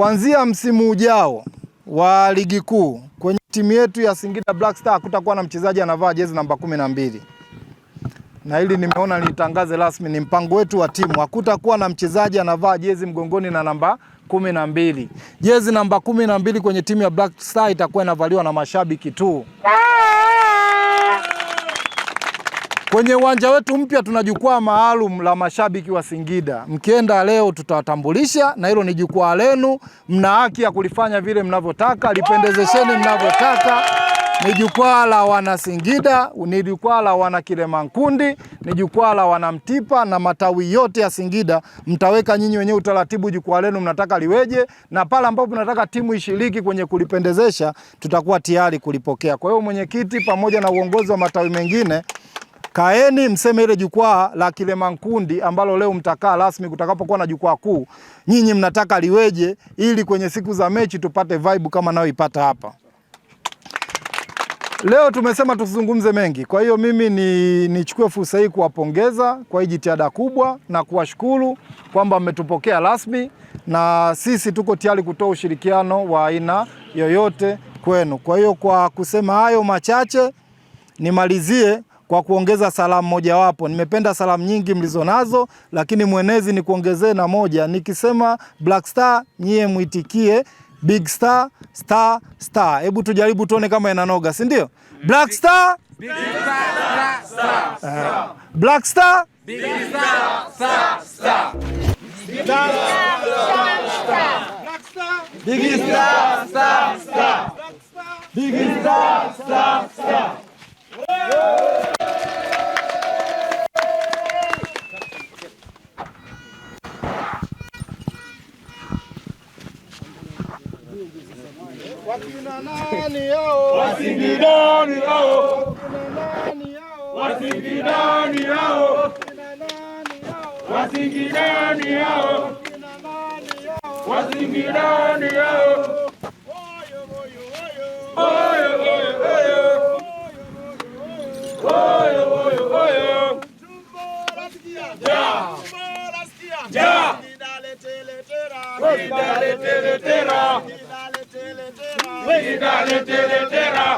kuanzia msimu ujao wa ligi kuu kwenye timu yetu ya Singida Black Star kutakuwa na mchezaji anavaa jezi namba kumi na mbili na hili nimeona nitangaze rasmi, ni mpango wetu wa timu. Hakutakuwa na mchezaji anavaa jezi mgongoni na namba kumi na mbili. Jezi namba kumi na mbili kwenye timu ya Black Star itakuwa inavaliwa na mashabiki tu. Kwenye uwanja wetu mpya tuna jukwaa maalum la mashabiki wa Singida. Mkienda leo tutawatambulisha, na hilo ni jukwaa lenu, mna haki ya kulifanya vile mnavyotaka, lipendezesheni mnavyotaka. Ni jukwaa la wana Singida, ni jukwaa la wana Kilemankundi, ni jukwaa la wana Mtipa na matawi yote ya Singida. Mtaweka nyinyi wenyewe utaratibu jukwaa lenu mnataka liweje, na pale ambapo mnataka timu ishiriki kwenye kulipendezesha, tutakuwa tayari kulipokea. Kwa hiyo mwenyekiti pamoja na uongozi wa matawi mengine kaeni mseme ile jukwaa la Kilemankundi ambalo leo mtakaa rasmi, kutakapokuwa na jukwaa kuu, nyinyi mnataka liweje, ili kwenye siku za mechi tupate vibe kama nayoipata hapa leo. Tumesema tuzungumze mengi, kwa hiyo mimi ni nichukue fursa hii kuwapongeza kwa hii jitihada kubwa na kuwashukuru kwamba mmetupokea rasmi, na sisi tuko tayari kutoa ushirikiano wa aina yoyote kwenu. Kwa hiyo kwa kusema hayo machache nimalizie kwa kuongeza salamu mojawapo. Nimependa salamu nyingi mlizo nazo lakini mwenezi nikuongezee na moja. Nikisema Black Star, nyie mwitikie Big Star, Star, Star. Hebu tujaribu tuone kama inanoga, si ndio? Black Star, Big Star, Star. Black Star, Big Star, Star. Star, Star, Star. Big Star, Star, Star. Big Star, Star, Star. Wakina nani hao? Wasingidani hao. Wasingidani hao. Wasingidani hao. Wasingidani hao. Yeah nitaleteletera